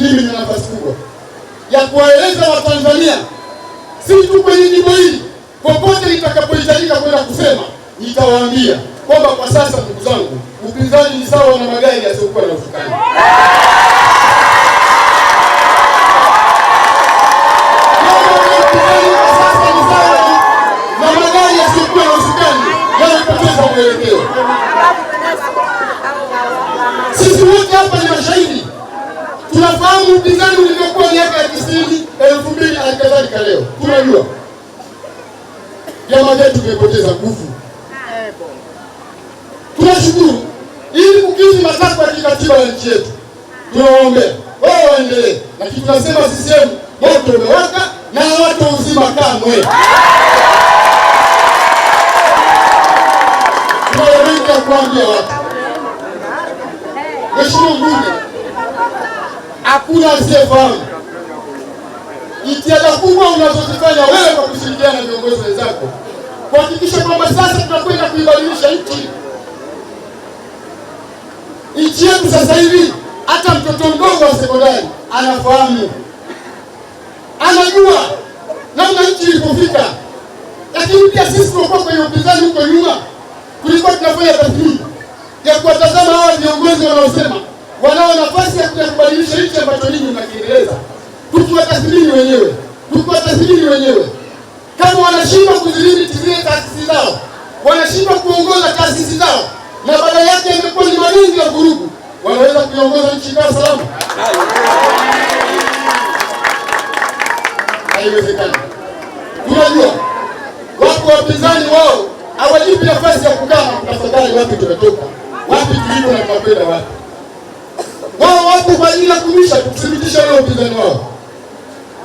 Mimi nina nafasi kubwa ya kuwaeleza Watanzania si tu kwenye jimbo hili, popote nitakapohitajika kwenda kusema, nitawaambia kwamba kwa sasa, ndugu zangu, upinzani ni sawa na magari yasiyokuwa na usukani. na magari na usukani Sisi wote hapa ni mashahidi tunafahamu upinzani ulivyokuwa miaka ya tisini, elfu mbili, na kadhalika. leo. Tunajua vyama vyetu vimepoteza nguvu. Tunashukuru ili kukidhi matakwa ya kikatiba ya nchi yetu, tunawaombea wao waendelee, lakini tunasema CCM moto umewaka na watu uzima kamwe. Tunawaweka kuambia watu, Mheshimiwa Mbunge hakuna asiyefahamu. Jitihada kubwa unazozifanya wewe kwa kushirikiana na viongozi wenzako kuhakikisha kwamba sasa tunakwenda kuibadilisha nchi nchi yetu. Sasa hivi hata mtoto mdogo wa sekondari anafahamu, anajua namna nchi ilipofika. Lakini pia sisi tunakuwa kwenye upinzani huko nyuma, kulikuwa tunafanya tathmini ya kuwatazama hawa viongozi wanaosema wanao nafasi ya kuja kubadilisha hicho ambacho ninyi mnakiendeleza, tukiwatathmini wenyewe, tukiwatathmini wenyewe kama wanashindwa kudhibiti zile taasisi zao, wanashindwa kuongoza taasisi zao, na badala yake imekuwa ni malingi ya vurugu, wanaweza kuiongoza nchi kwa salama? Haiwezekani. Unajua, wako wapinzani wao hawajipi nafasi ya kukaa na kutafakari, wapi tumetoka, wapi tulipo na tunakwenda wapi wao wapo kwa ajili ya kumisha kuthibitisha leo upinzani wao.